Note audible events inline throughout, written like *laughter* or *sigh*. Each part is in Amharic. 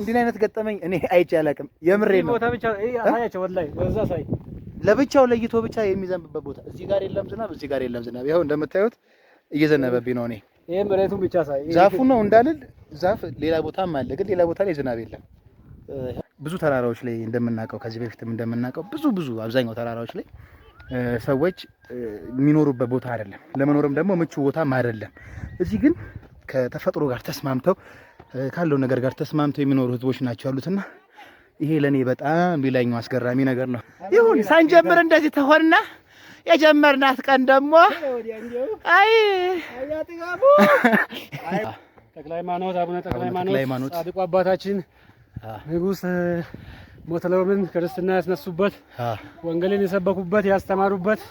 እንዲህ አይነት ገጠመኝ እኔ አይቼ አላውቅም። የምሬ ነው። ለብቻው ለይቶ ብቻ የሚዘንብበት ቦታ እዚህ ጋር የለም ዝናብ፣ እዚህ ጋር የለም ዝናብ። ይኸው እንደምታዩት እየዘነበብኝ ነው። እኔ ይሄ መሬቱን ብቻ ሳይ ዛፉ ነው እንዳልል ዛፍ ሌላ ቦታም አለ፣ ግን ሌላ ቦታ ላይ ዝናብ የለም። ብዙ ተራራዎች ላይ እንደምናውቀው ከዚህ በፊትም እንደምናውቀው ብዙ ብዙ አብዛኛው ተራራዎች ላይ ሰዎች የሚኖሩበት ቦታ አይደለም፣ ለመኖርም ደግሞ ምቹ ቦታም አይደለም። እዚህ ግን ከተፈጥሮ ጋር ተስማምተው ካለው ነገር ጋር ተስማምተው የሚኖሩ ህዝቦች ናቸው ያሉትና ይሄ ለእኔ በጣም ሌላኛው አስገራሚ ነገር ነው። ይሁን ሳንጀምር እንደዚህ ተሆንና የጀመርናት ቀን ደግሞ አይ ጠቅላይ ማኖት አቡነ ጠቅላይ ማኖት ጻድቁ አባታችን ንጉሥ ሞተለምን ክርስትና ያስነሱበት ወንጌልን የሰበኩበት ያስተማሩበት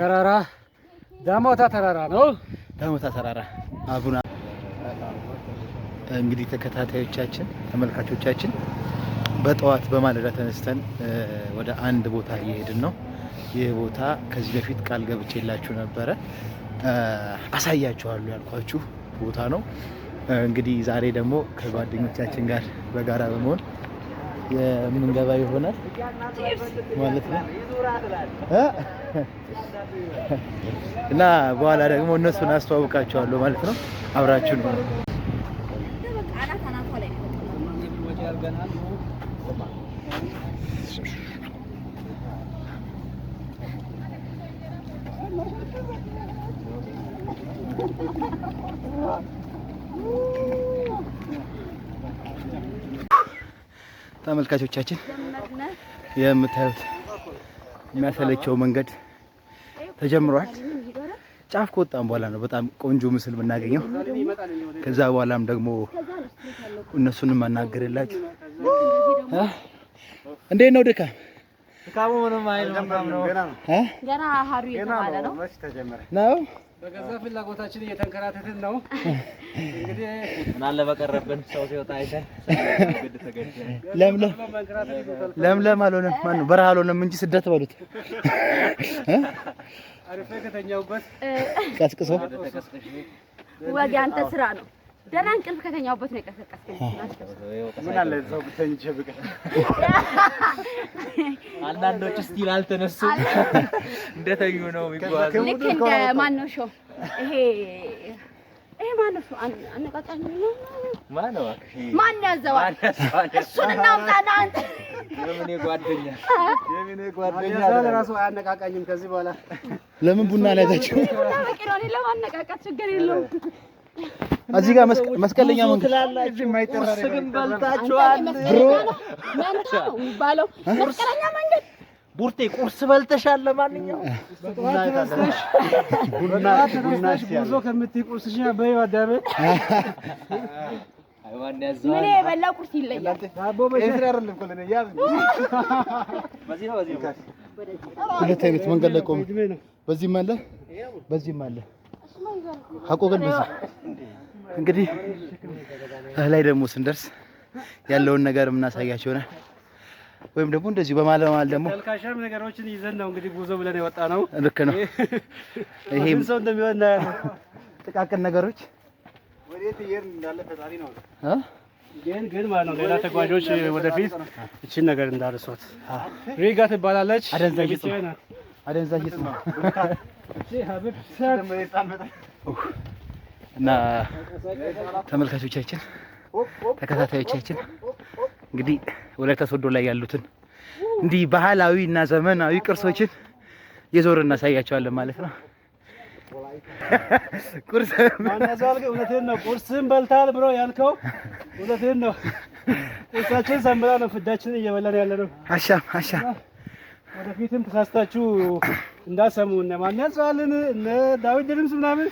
ተራራ ዳሞታ ተራራ ነው። ዳሞታ ተራራ አቡነ እንግዲህ ተከታታዮቻችን፣ ተመልካቾቻችን በጠዋት በማለዳ ተነስተን ወደ አንድ ቦታ እየሄድን ነው። ይህ ቦታ ከዚህ በፊት ቃል ገብቼላችሁ ነበረ፣ አሳያችኋለሁ ያልኳችሁ ቦታ ነው። እንግዲህ ዛሬ ደግሞ ከጓደኞቻችን ጋር በጋራ በመሆን የምንገባ ይሆናል ማለት ነው እና በኋላ ደግሞ እነሱን አስተዋውቃቸዋለሁ ማለት ነው። አብራችሁ ነው። ተመልካቾቻችን የምታዩት የሚያሰለቸው መንገድ ተጀምሯል። ጫፍ ከወጣም በኋላ ነው በጣም ቆንጆ ምስል የምናገኘው። ከዛ በኋላም ደግሞ እነሱንም ማናገርላችሁ። እንዴት ነው ድካም? ድካሙ ምንም አይደለም ነው ገና ነው። በገዛ ፍላጎታችን እየተንከራተትን ነው። እንግዲህ ምን አለ በቀረብን ሰው ሲወጣ አይተህ ለምለም አልሆነም፣ ማነው በረሃ አልሆነም እንጂ ስደት በሉት አሪፍ ከተኛውበት ቀስቅሶ ወዲያ አንተ ስራ ነው ደህና እንቅልፍ ከተኛሁበት ነው የቀሰቀስከኝ። ምን አለ እዛው ብተኝቼ ብቀር። አንዳንዶች እስቲል አልተነሱም እንደተኙ ነው የሚጓዙ። ልክ እንደ ማነው ሾው ይሄ ይሄ ማነው ሾው አነቃቃኝ ነው። ማነው ማነው ያዘዋል? እሱን እናምጣና አንተ የምኔ ጓደኛ የምኔ ጓደኛ እራሱ አያነቃቃኝም ከዚህ በኋላ። ለምን ቡና ላይ ታችሁ ለማነቃቃት ችግር የለውም እዚህ ጋር መስቀለኛ ቡርቴ ቁርስ በልተሻል። ለማንኛውም ጉዞ ከምትይ ቁርስ በዚህ አለ በዚህም አለ ሀቆ ግን ብዙ እንግዲህ ላይ ደግሞ ስንደርስ ያለውን ነገር የምናሳያቸው ይሆናል። ወይም ደግሞ እንደዚሁ በማለ በማለማል ደግሞ ተልካሻም ነገሮችን ይዘን ነው እንግዲህ ጉዞ ብለን የወጣ ነው። ልክ ነው። *laughs* ይሄም ሰው እንደሚሆን ጥቃቅን ነገሮች ወዴት ይሄን እንዳለ ፈጣሪ ነው እ ግን ግን ማለት ነው ሌላ ተጓዦች ወደፊት እቺን ነገር እንዳርሷት። ሪጋ ትባላለች። አደንዛዥ ነው አደንዛዥ ሀብብ ሰት እና ተመልካቾቻችን ተከታታዮቻችን እንግዲህ ወላይታ ሶዶ ላይ ያሉትን እንዲህ ባህላዊ እና ዘመናዊ ቅርሶችን የዞር እናሳያቸዋለን ማለት ነው። *laughs* ቁርስ እውነትህን ነው። ቁርስህን በልታል ብሎ ያልከው እውነትህን ነው። *laughs* ቁርሳችን ሰምራ ነው ፍዳችን እየበላን ያለ ነው። አሻም አሻም ወደፊትም ተሳስታችሁ እንዳሰሙ እነ ማን ያጽዋልን እነ ዳዊት ድምፅ ምናምን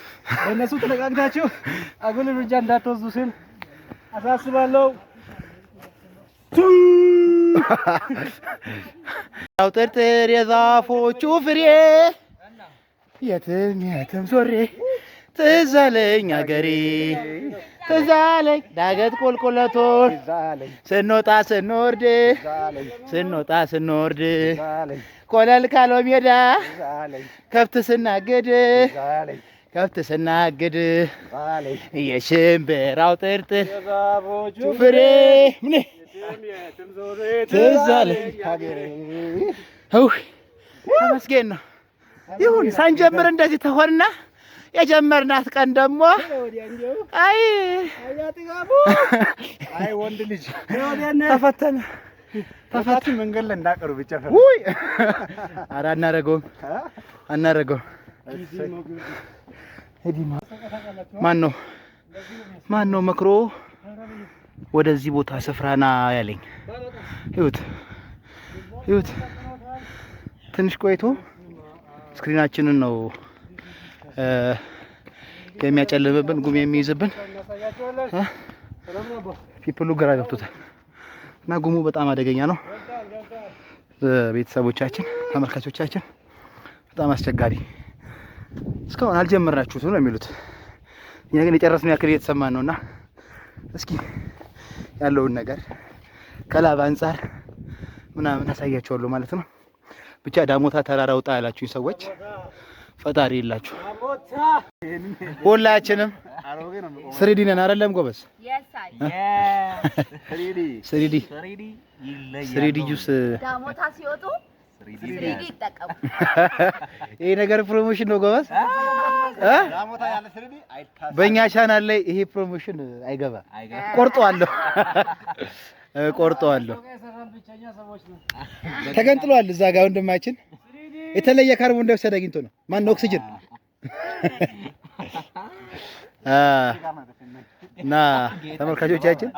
በእነሱ ተነቃቅታችሁ አጉል እርምጃ እንዳትወስዱ ስል አሳስባለሁ። ጥርጥር የዛፎቹ ፍሬ የትም የትም ሶሬ ትዝ አለኝ አገሬ ትዝ ዳገት ቆልቆለቶን ስንወጣ ስንወርድ ስንወጣ ስንወርድ ኮለል ካለው ሜዳ ከብት ስናግድ ከብት ስናግድ የሽምብራው ጥርጥር ፍሬ ምን ትዝ አለኝ ተመስገን ነው። ይሁን ሳንጀምር እንደዚህ ተሆንና የጀመርናት ቀን ደግሞ አይ *laughs* አይ ወንድ ልጅ ተፈተነ ተፈተነ መንገድ ላይ እንዳቀሩ ብቻ ውይ፣ ኧረ *laughs* አናረገውም፣ አናረገውም። ማን ነው ማን ነው መክሮ ወደዚህ ቦታ ስፍራና ያለኝ? ይሁት ይሁት፣ ትንሽ ቆይቶ ስክሪናችንን ነው የሚያጨልምብን ጉም የሚይዝብን ፒፕሉ ግራ ገብቶታል እና ጉሙ በጣም አደገኛ ነው። ቤተሰቦቻችን፣ ተመልካቾቻችን በጣም አስቸጋሪ እስካሁን አልጀመራችሁት ነው የሚሉት። እኛ ግን የጨረስነው ያክል እየተሰማን ነው እና እስኪ ያለውን ነገር ከላብ አንጻር ምናምን አሳያችኋለሁ ማለት ነው። ብቻ ዳሞታ ተራራ ውጣ ያላችሁኝ ሰዎች ፈጣሪ የላችሁ ሁላችንም ስሪዲ ነን አይደለም? ጎበዝ ስሪዲ ስሪዲ ጁስ ይሄ ነገር ፕሮሞሽን ነው ጎበዝ። በእኛ ቻናል ላይ ይሄ ፕሮሞሽን አይገባም። ቆርጠዋለሁ ቆርጠዋለሁ። ተገንጥሏል እዛ ጋር ወንድማችን የተለየ ካርቦን ዳይኦክሳይድ አግኝቶ ነው። ማነው ኦክሲጅን ና ተመልካቾቻችን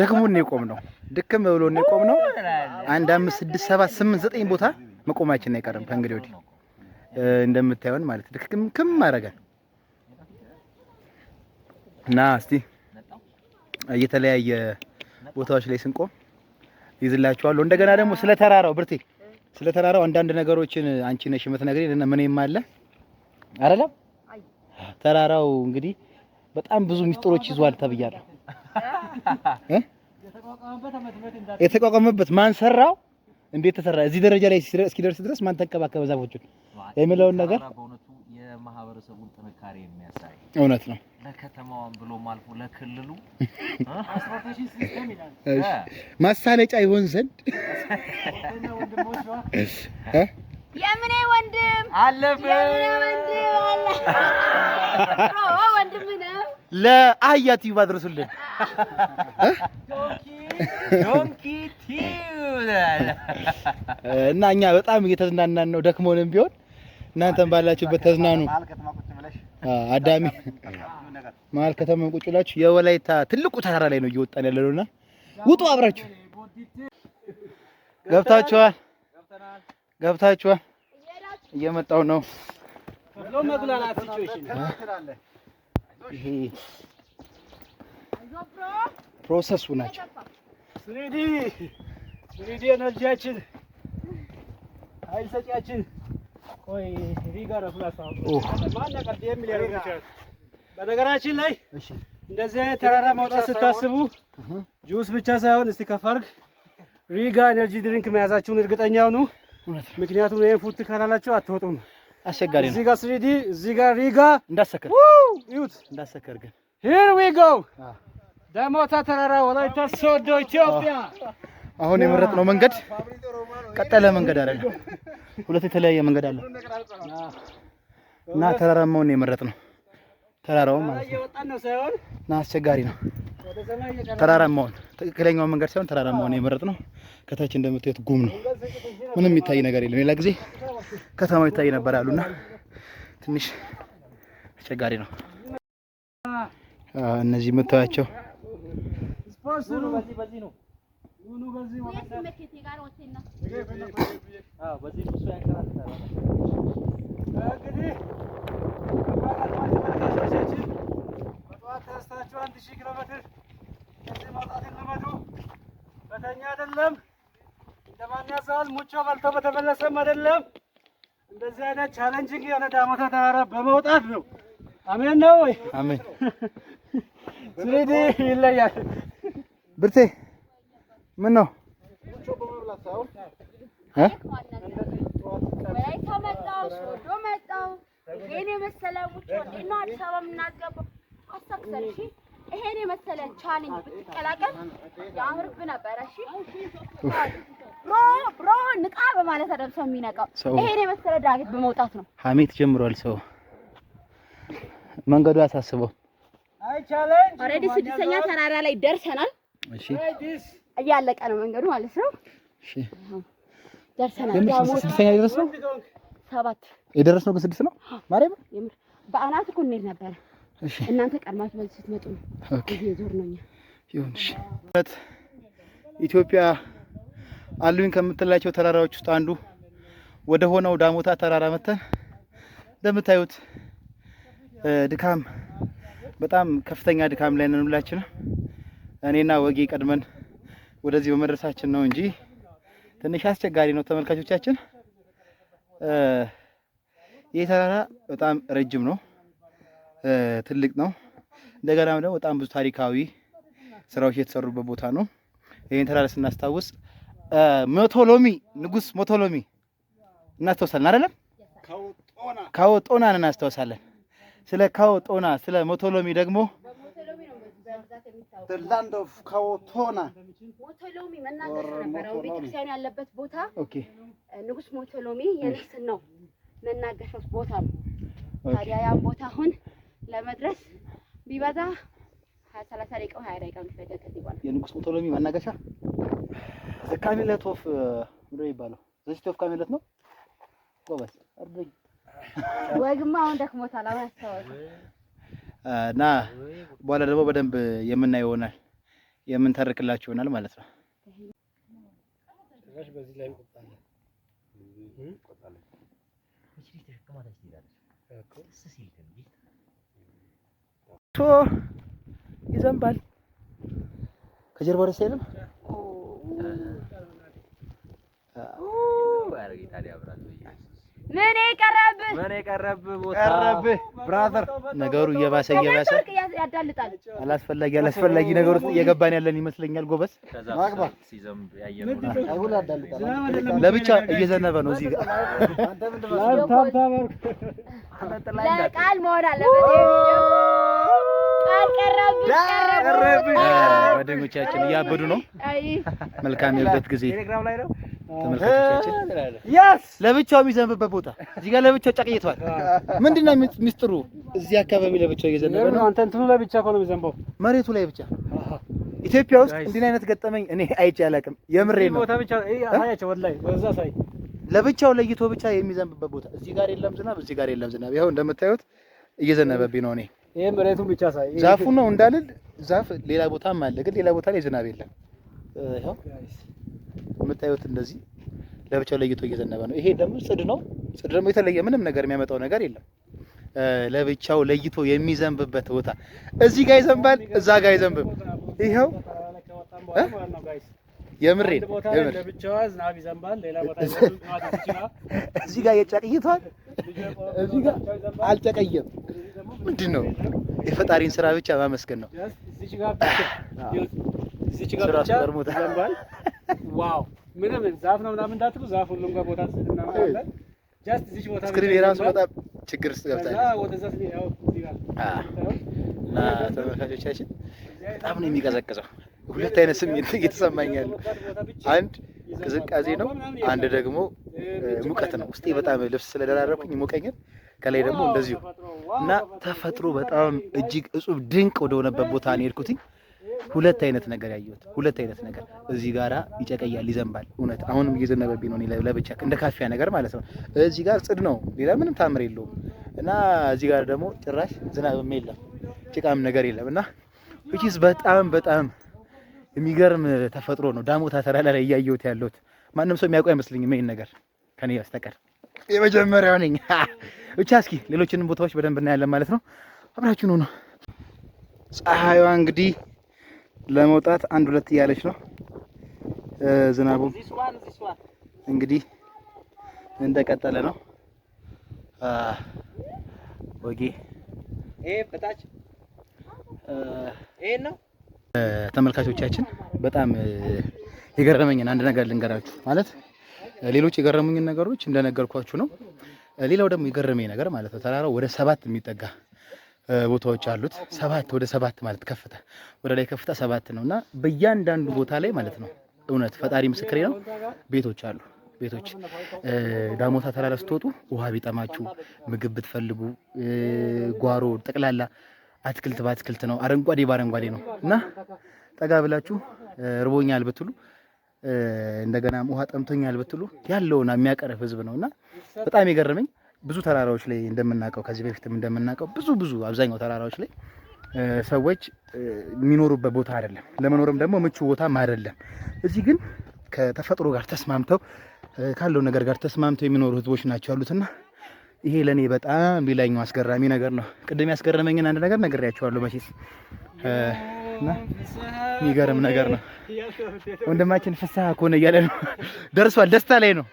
ደክሞን ነው የቆምነው። ድክም ብሎ ነው የቆምነው። አንድ አምስት ስድስት ሰባት ስምንት ዘጠኝ ቦታ መቆማችን አይቀርም ከእንግዲህ ወዲህ እንደምታዩን ማለት ድክም ክም አደረገን እና እስቲ የተለያየ ቦታዎች ላይ ስንቆም ይዝላችኋለሁ። እንደገና ደግሞ ስለ ተራራው ብርቴ ስለ ተራራው አንዳንድ ነገሮችን አንቺ ነሽ የምትነግሪኝ እና አለ አይደለም። ተራራው እንግዲህ በጣም ብዙ ሚስጥሮች ይዟል ተብያለሁ። የተቋቋመበት ማን ሰራው፣ እንዴት ተሰራ፣ እዚህ ደረጃ ላይ እስኪደርስ ድረስ ማን ተንከባከበ ዛፎቹን የሚለውን ነገር የማህበረሰቡን ጥንካሬ የሚያሳይ እውነት ነው። ለከተማዋን ብሎም አልፎ ለክልሉ *laughs* ማሳለጫ ይሆን ዘንድ የምኔ ወንድም አለፈ ወንድም ነው። ለአያት እና እኛ በጣም እየተዝናናን ነው። ደክሞንም ቢሆን እናንተም ባላችሁበት ተዝናኑ። አዳሚ መሀል ከተማ ቁጭ ብላችሁ የወላይታ ትልቁ ተራራ ላይ ነው እየወጣን ያለነውና ውጡ አብራችሁ ገብታችኋል። ገብታችኋል። እየመጣው ነው። ፕሮሰሱ ናቸው። ስሪዲ ስሪዲ ኤነርጂያችን ኃይል ሰጪያችን በነገራችን ላይ እንደዚህ አይነት ተራራ መውጣት ስታስቡ ጁስ ብቻ ሳይሆን እስቲ ከፋርግ አድርግ ሪጋ ኤነርጂ ድሪንክ መያዛችሁን እርግጠኛ ነው። ምክንያቱም ይሄን ፉት ካላላችሁ አትወጡም። አስቸጋሪ ነው። እዚህ ስሪዲ እዚህ ሪጋ እንዳሰከር ይሁት እንዳሰከር ግን ሂር ዊ ጎ ዳሞታ ተራራ ወላይታ ሶዶ ኢትዮጵያ። አሁን የመረጥነው መንገድ ቀጠለ መንገድ አይደለም። ሁለት የተለያየ መንገድ አለ እና ተራራማውን የመረጥነው ተራራው ማለት ነው እና አስቸጋሪ ነው። ተራራማውን ትክክለኛውን መንገድ ሳይሆን ተራራማውን የመረጥነው ከታች እንደምታዩት ጉም ነው። ምንም የሚታይ ነገር የለም። ሌላ ጊዜ ከተማው ይታይ ነበር ያሉና ትንሽ አስቸጋሪ ነው። እነዚህ የምታያቸው ተነስታችሁ አንድ ሺህ ኪሎ ሜትር መውጣት በተኛ አይደለም እንደማን ያዘዋል ሙቾ በልቶ በተመለሰም አይደለም። እንደዚህ አይነት ቻለንጂንግ የሆነ ዳሞታ ተራራ በመውጣት ነው። አሜን ነው ወይ? አሜን። ስሪዲ ይለያል። ብርቴ ምን ነው መጣው ይሄን የመሰለ ቻሌንጅ ብትቀላቀል ያምርብ ነበረ። እሺ ብሮ ብሮ ንቃ በማለት አይደለም ሰው የሚነቃው፣ ይሄን የመሰለ ዳገት በመውጣት ነው። ሀሜት ጀምሯል ሰው መንገዱ አሳስበው። ኦልሬዲ ስድስተኛ ተራራ ላይ ደርሰናል። እሺ እያለቀ ነው መንገዱ ማለት ነው። እሺ ደርሰናል። ስድስተኛ የደረስነው ግን ስድስት ነው። ማርያም በአናት እኮ እንሄድ ነበረ እናንተ ቀድማችሁ በዚህ ስትመጡ ዞር ነው ይሁንሽ። ኢትዮጵያ አሉኝ ከምትላቸው ተራራዎች ውስጥ አንዱ ወደ ሆነው ዳሞታ ተራራ መተን እንደምታዩት ድካም በጣም ከፍተኛ ድካም ላይ ነን። ሁላችንም እኔና ወጌ ቀድመን ወደዚህ በመድረሳችን ነው እንጂ ትንሽ አስቸጋሪ ነው ተመልካቾቻችን። ይህ ተራራ በጣም ረጅም ነው። ትልቅ ነው። እንደገና ደግሞ በጣም ብዙ ታሪካዊ ስራዎች የተሰሩበት ቦታ ነው። ይህን ተራራ ስናስታውስ ሞቶሎሚ ንጉስ ሞቶሎሚ እናስታውሳለን አይደለም? ካዎ ጦናን እናስታውሳለን። ስለ ካዎ ጦና ስለ ሞቶሎሚ ደግሞ ላንድ ኦፍ ካዎ ቶና ሞቶሎሚ መናገሻ ነበረ። ቤተክርስቲያን ያለበት ቦታ ንጉስ ሞቶሎሚ ነው መናገሻ ቦታ ነው። ታዲያ ያን ቦታ አሁን ለመድረስ ቢበዛ ሰላሳ ደቂቃ ሀያ ደቂቃ የሚፈጀው ከዚህ በኋላ የንጉስ ሞቶሎሚ መናገሻ ካሜለት ኦፍ ምንድን ነው የሚባለው? ዘሽት ወፍ ካሜለት ነው። ጎበዝ አርደኝ ወግማ አሁን ደክሞታል። አሁን ያስተዋል እና በኋላ ደግሞ በደንብ የምናየው ይሆናል የምንተርክላችሁ ይሆናል ማለት ነው። በዚህ ላይ ይዘንባል። ከጀርባ ደስ አይልም። ምን ቀረብህ? ምን ብራዘር፣ ነገሩ እየባሰ እየባሰ ያዳልጣል። አላስፈላጊ አላስፈላጊ ነገር ውስጥ እየገባን ያለን ይመስለኛል። ጎበዝ ማግባ ለብቻ እየዘነበ ነው እዚህ ጋር ለቃል መሆን አለበት። ጓደኞቻችን እያበዱ ነው። መልካም የልደት ጊዜ ተመልካቾቻችን። ለብቻው የሚዘንብበት ቦታ እዚህ ጋር ለብቻው ጨቅይቷል። ምንድነው ሚስጥሩ? እዚህ አካባቢ ለብቻው እየዘነበ ነው። አንተ እንትኑ ለብቻ እኮ ነው የሚዘንበው፣ መሬቱ ላይ ብቻ። ኢትዮጵያ ውስጥ እንዲህ አይነት ገጠመኝ እኔ አይቼ አላውቅም። የምሬ ነው። ለብቻው ለይቶ ብቻ የሚዘንብበት ቦታ እዚህ ጋር የለም ዝናብ፣ እዚህ ጋር የለም ዝናብ። ይኸው እንደምታዩት እየዘነበብኝ ነው እኔ ይሄ መሬቱን ብቻ ሳይ ዛፉ ነው እንዳልል ዛፍ ሌላ ቦታም አለ፣ ግን ሌላ ቦታ ላይ ዝናብ የለም። ይሄው የምታዩት እንደዚህ ለብቻው ለይቶ እየዘነበ ነው። ይሄ ደግሞ ጽድ ነው። ጽድ ደግሞ የተለየ ምንም ነገር የሚያመጣው ነገር የለም። ለብቻው ለይቶ የሚዘንብበት ቦታ እዚህ ጋር ይዘንባል፣ እዛ ጋር ይዘንብም። ይሄው የምሬ ቦታ ለብቻዋ ዝናብ ሌላ ቦታ *laughs* እዚህ ጋር የጨቅይቷል፣ እዚህ ጋር አልጨቀየም። ምንድን ነው የፈጣሪን ስራ ብቻ ማመስገን ነው። እዚች ጋር ብቻ ዋው ምንም ዛፍ ነው ምናምን ዛፍ ጋር ቦታ ቦታ ስክሪን የራሱ በጣም ችግር ውስጥ ገብታለች። ያው ጋር እና ተመልካቾቻችን በጣም ነው የሚቀዘቅዘው ሁለት አይነት ስሜት እየተሰማኛል። አንድ ቅዝቃዜ ነው፣ አንድ ደግሞ ሙቀት ነው። ውስጤ በጣም ልብስ ስለደራረብኩኝ ይሞቀኛል፣ ከላይ ደግሞ እንደዚሁ እና ተፈጥሮ በጣም እጅግ እጹብ ድንቅ ወደሆነበት ቦታ ነው የሄድኩትኝ። ሁለት አይነት ነገር ያየሁት ሁለት አይነት ነገር እዚህ ጋራ ይጨቀያል፣ ይዘንባል። እውነት አሁንም እየዘነበብኝ ነው፣ ለብቻ እንደ ካፊያ ነገር ማለት ነው። እዚህ ጋር ጽድ ነው፣ ሌላ ምንም ታምር የለውም። እና እዚህ ጋር ደግሞ ጭራሽ ዝናብም የለም ጭቃም ነገር የለም እና በጣም በጣም የሚገርም ተፈጥሮ ነው። ዳሞታ ተራራ ላይ እያየሁት ያለሁት ማንም ሰው የሚያውቁ አይመስልኝም ይሄን ነገር ከኔ በስተቀር የመጀመሪያው ነኝ። *laughs* ብቻ እስኪ ሌሎችንም ቦታዎች በደንብ እናያለን ማለት ነው። አብራችሁ ነው ፀሐይዋ እንግዲህ ለመውጣት አንድ ሁለት እያለች ነው። ዝናቡ እንግዲህ እንደቀጠለ ነው። ወጌ ይሄ በታች ይሄን ነው ተመልካቾቻችን በጣም የገረመኝን አንድ ነገር ልንገራችሁ። ማለት ሌሎች የገረሙኝን ነገሮች እንደነገርኳችሁ ነው። ሌላው ደግሞ የገረመኝ ነገር ማለት ነው ተራራው ወደ ሰባት የሚጠጋ ቦታዎች አሉት። ሰባት ወደ ሰባት ማለት ከፍታ ወደ ላይ ከፍታ ሰባት ነው እና በእያንዳንዱ ቦታ ላይ ማለት ነው እውነት ፈጣሪ ምስክሬ ነው ቤቶች አሉ። ቤቶች ዳሞታ ተራራ ስትወጡ ውሃ ቢጠማችሁ ምግብ ብትፈልጉ ጓሮ ጠቅላላ አትክልት በአትክልት ነው፣ አረንጓዴ በአረንጓዴ ነው እና ጠጋ ብላችሁ ርቦኛል ብትሉ እንደገና ውሃ ጠምቶኛል ብትሉ ያለውን የሚያቀርብ ህዝብ ነው እና በጣም የገረመኝ ብዙ ተራራዎች ላይ እንደምናውቀው ከዚህ በፊትም እንደምናውቀው ብዙ ብዙ አብዛኛው ተራራዎች ላይ ሰዎች የሚኖሩበት ቦታ አይደለም፣ ለመኖርም ደግሞ ምቹ ቦታም አይደለም። እዚህ ግን ከተፈጥሮ ጋር ተስማምተው ካለው ነገር ጋር ተስማምተው የሚኖሩ ህዝቦች ናቸው ያሉትና ይሄ ለእኔ በጣም ሌላኛው አስገራሚ ነገር ነው። ቅድም ያስገረመኝን አንድ ነገር ነግሬያቸዋለሁ መቼስ እና የሚገርም ነገር ነው። ወንድማችን ፍስሐ ከሆነ እያለ ነው ደርሷል። ደስታ ላይ ነው።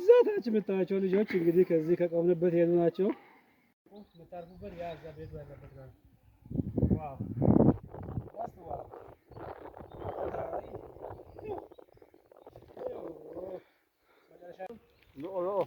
እዛ ታች የምታያቸው ልጆች እንግዲህ ከዚህ ከቆምንበት የሄዱ ናቸው። ኦ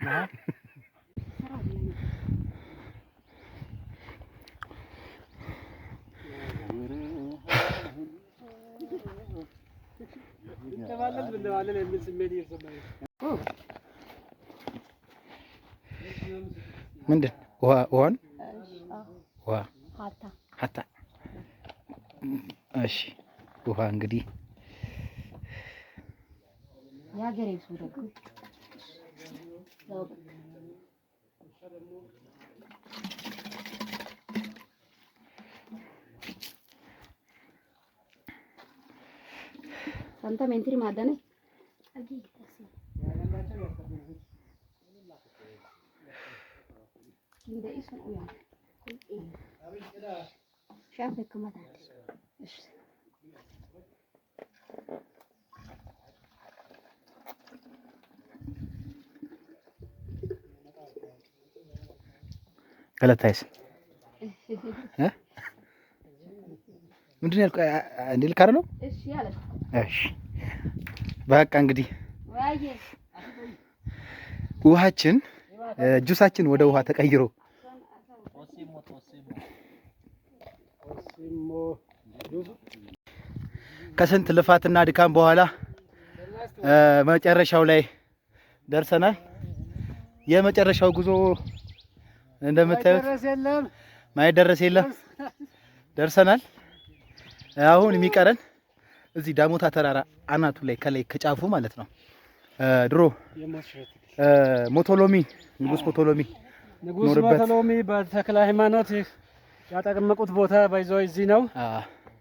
นะ የሚል ስሜት እየተሰማኝ ምንድን ውሃን ሀታ እሺ፣ ውሃ እንግዲህ stomach. Tanta mente rimada, né? Aqui, tá assim. Ainda isso não é. Já vê como é que é. Isso. Thank you. ገለታይስ ምንድን ያልኩህ? እንደ ልክ አይደለም። እሺ በቃ እንግዲህ ውሃችን ጁሳችን ወደ ውሃ ተቀይሮ ከስንት ልፋትና ድካም በኋላ መጨረሻው ላይ ደርሰናል። የመጨረሻው ጉዞ እንደምታዩት ማይደረስ የለም። ደርሰናል። አሁን የሚቀረን እዚህ ዳሞታ ተራራ አናቱ ላይ ከላይ ከጫፉ ማለት ነው ድሮ ሞቶሎሚ ንጉስ ሞቶሎሚ ንጉስ ሞቶሎሚ በተክለ ሃይማኖት ያጠቀመቁት ቦታ ባይዘው እዚህ ነው።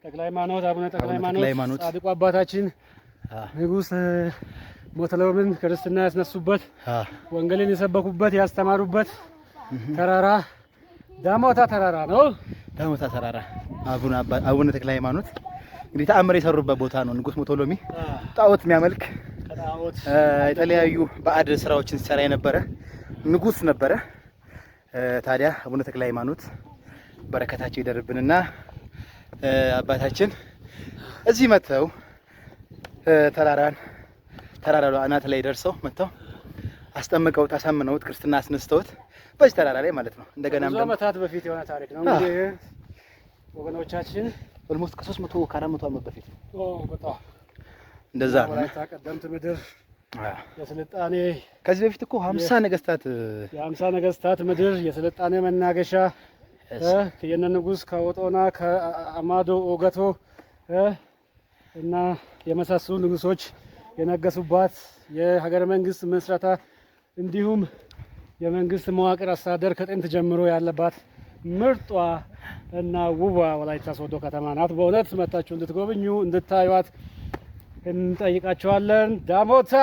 ተክለ ሃይማኖት አቡነ ተክለ ሃይማኖት ጻድቁ አባታችን ንጉስ ሞቶሎሚን ክርስትና ያስነሱበት፣ ወንጌልን የሰበኩበት፣ ያስተማሩበት ተራራ ዳሞታ ተራራ ነው። ዳሞታ ተራራ አቡነ አባ አቡነ ተክለ ሃይማኖት እንግዲህ ተአምር የሰሩበት ቦታ ነው። ንጉስ ሞቶሎሚ ጣዖት የሚያመልክ የተለያዩ ባዕድ ስራዎችን ሲሰራ የነበረ ንጉስ ነበረ። ታዲያ አቡነ ተክለ ሃይማኖት በረከታቸው ይደርብንና አባታችን እዚህ መጥተው ተራራን ተራራ አናት ላይ ደርሰው መጥተው አስጠምቀውት አሳምነውት ክርስትና አስነስተውት በዚህ ተራራ ላይ ማለት ነው። እንደገና ብዙ ዓመታት በፊት የሆነ ታሪክ ነው እንግዲህ ወገኖቻችን ኦልሞስት ከሶስት መቶ ከአራት መቶ ዓመት በፊት እንደዛ ነው። ቀደምት ምድር የስልጣኔ ከዚህ በፊት እኮ ሀምሳ ነገስታት የሀምሳ ነገስታት ምድር የስልጣኔ መናገሻ የነ ንጉስ ከወጦና ከአማዶ ኦገቶ እና የመሳሰሉ ንጉሶች የነገሱባት የሀገረ መንግስት መስረታ እንዲሁም የመንግስት መዋቅር አስተዳደር ከጥንት ጀምሮ ያለባት ምርጧ እና ውቧ ወላይታ ሶዶ ከተማ ናት። በእውነት መታችሁ እንድትጎብኙ እንድታዩት እንጠይቃቸዋለን። ዳሞታ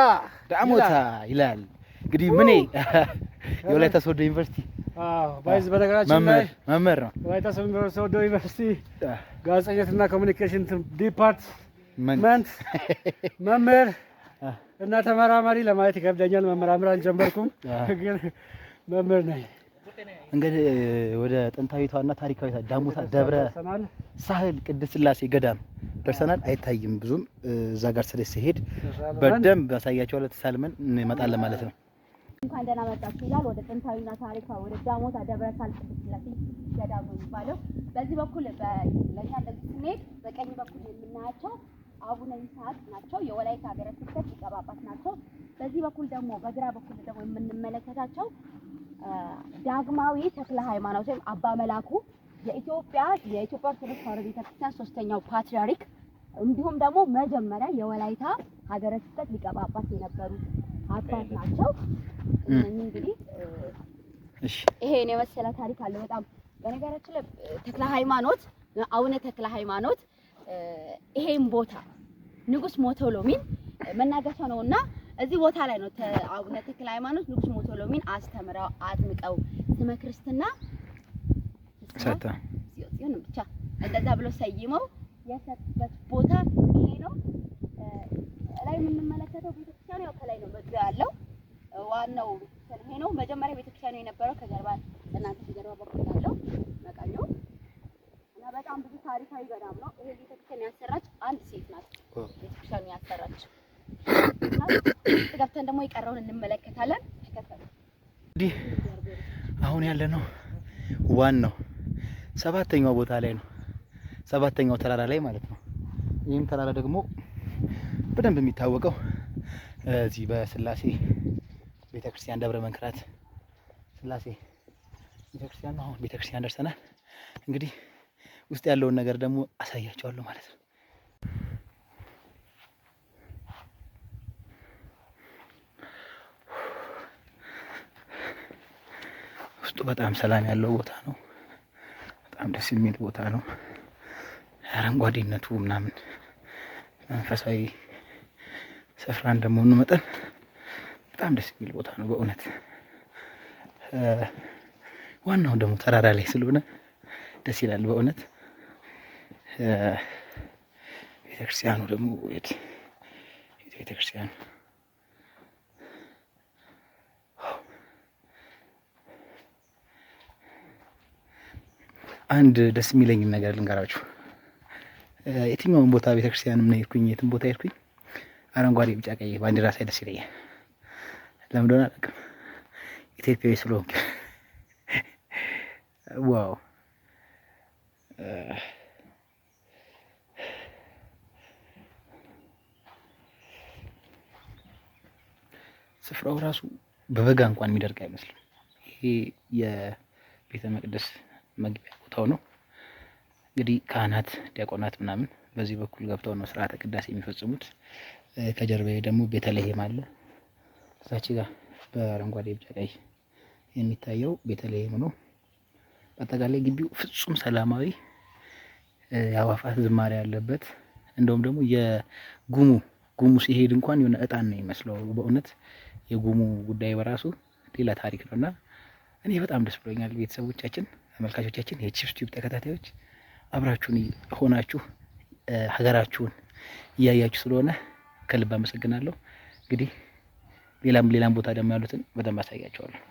ዳሞታ ይላል እንግዲህ ምን *laughs* የወላይታ ሶዶ ዩኒቨርሲቲ ባይዝ በነገራችን ላይ መምህር ነው። ወላይታ ሶዶ ዩኒቨርሲቲ ጋዜጠኝነትና ኮሚኒኬሽን ዲፓርትመንት መምህር እና ተመራማሪ ለማለት ይከብደኛል። መመራመር አልጀመርኩም፣ ግን መምህር ነኝ። እንግዲህ ወደ ጥንታዊቷ ጥንታዊቷና ታሪካዊቷ ዳሞታ ደብረ ሳህል ቅድስት ስላሴ ገዳም ደርሰናል። አይታይም ብዙም እዛ ጋር ስለ ሲሄድ በደንብ ያሳያቸው ለት ተሳልመን እንመጣለን ማለት ነው። እንኳን ደህና መጣችሁ ይላል። ወደ ጥንታዊና ታሪኳ ወደ ዳሞታ ደብረ ሳህል ቅድስት ስላሴ ገዳም ነው የሚባለው። በዚህ በኩል ለእኛ እንደዚህ ስንሄድ በቀኝ በኩል የምናያቸው አቡነ ይስሐቅ ናቸው። የወላይታ ሀገረ ስብከት ሊቀ ጳጳስ ናቸው። በዚህ በኩል ደግሞ በግራ በኩል ደግሞ የምንመለከታቸው ዳግማዊ ተክለ ሃይማኖት ወይም አባ መላኩ የኢትዮጵያ የኢትዮጵያ ኦርቶዶክስ ተዋሕዶ ቤተክርስቲያን ሶስተኛው ፓትርያርክ እንዲሁም ደግሞ መጀመሪያ የወላይታ ሀገረ ስብከት ሊቀ ጳጳስ አባት ናቸው። እንግዲህ ይሄን የመሰለ ታሪክ አለው። በጣም በነገራችን ላይ ተክለ ሃይማኖት አቡነ ተክለ ሃይማኖት ይሄን ቦታ ንጉስ ሞቶሎሚን መናገሻ ነውና እዚህ ቦታ ላይ ነው አቡነ ተክለ ሃይማኖት ንጉስ ሞቶሎሚን አስተምረው አጥምቀው ስመ ክርስትና ብቻ እንደዛ ብሎ ሰይመው የሰጡበት ቦታ ይሄ ነው። ላይ የምንመለከተው ቤተክርስቲያኑ ያው ከላይ ነው መግቢያ ያለው ዋናው ይሄ ነው። መጀመሪያ ቤተክርስቲያኑ የነበረው ከጀርባ እናንተ ከጀርባ በኩል ያለው መቃኞ ታሪካዊ ገዳም ነው። ይሄ ቤተክርስቲያን ያሰራች አንድ ሴት ናት። ያሰራች ገብተን ደግሞ የቀረውን እንመለከታለን። እንግዲህ አሁን ያለነው ዋናው ሰባተኛው ቦታ ላይ ነው። ሰባተኛው ተራራ ላይ ማለት ነው። ይህም ተራራ ደግሞ በደንብ የሚታወቀው እዚህ በስላሴ ቤተክርስቲያን ደብረ መንክራት ስላሴ ቤተክርስቲያን ነው። አሁን ቤተክርስቲያን ደርሰናል እንግዲህ ውስጥ ያለውን ነገር ደግሞ አሳያቸዋለሁ ማለት ነው። ውስጡ በጣም ሰላም ያለው ቦታ ነው። በጣም ደስ የሚል ቦታ ነው። አረንጓዴነቱ ምናምን መንፈሳዊ ስፍራ እንደመሆኑ መጠን በጣም ደስ የሚል ቦታ ነው በእውነት። ዋናው ደግሞ ተራራ ላይ ስለሆነ ደስ ይላል በእውነት። ቤተክርስቲያኑ ደግሞ ቤተክርስቲያኑ አንድ ደስ የሚለኝን ነገር ልንገራችሁ። የትኛውን ቦታ ቤተክርስቲያን ምን ሄድኩኝ፣ የትም ቦታ ሄድኩኝ፣ አረንጓዴ ቢጫ ቀይ ባንዲራ ሳይ ደስ ይለኛል። ለምን እንደሆነ አላውቅም። ኢትዮጵያዊ ስለሆንኩ ዋው ስፍራው ራሱ በበጋ እንኳን የሚደርቅ አይመስልም። ይሄ የቤተ መቅደስ መግቢያ ቦታው ነው። እንግዲህ ካህናት፣ ዲያቆናት ምናምን በዚህ በኩል ገብተው ነው ስርዓተ ቅዳሴ የሚፈጽሙት። ከጀርባ ደግሞ ቤተልሔም አለ። እዛች ጋር በአረንጓዴ ቢጫ ቀይ የሚታየው ቤተልሔም ነው። በአጠቃላይ ግቢው ፍጹም ሰላማዊ የአዋፋት ዝማሬ ያለበት እንደውም ደግሞ የጉሙ ጉሙ ሲሄድ እንኳን የሆነ እጣን ነው ይመስለው በእውነት የጉሙ ጉዳይ በራሱ ሌላ ታሪክ ነው እና እኔ በጣም ደስ ብሎኛል። ቤተሰቦቻችን፣ ተመልካቾቻችን፣ የቺፕስ ቲዩብ ተከታታዮች አብራችሁን ሆናችሁ ሀገራችሁን እያያችሁ ስለሆነ ከልብ አመሰግናለሁ። እንግዲህ ሌላም ሌላም ቦታ ደግሞ ያሉትን በደንብ አሳያቸዋለሁ።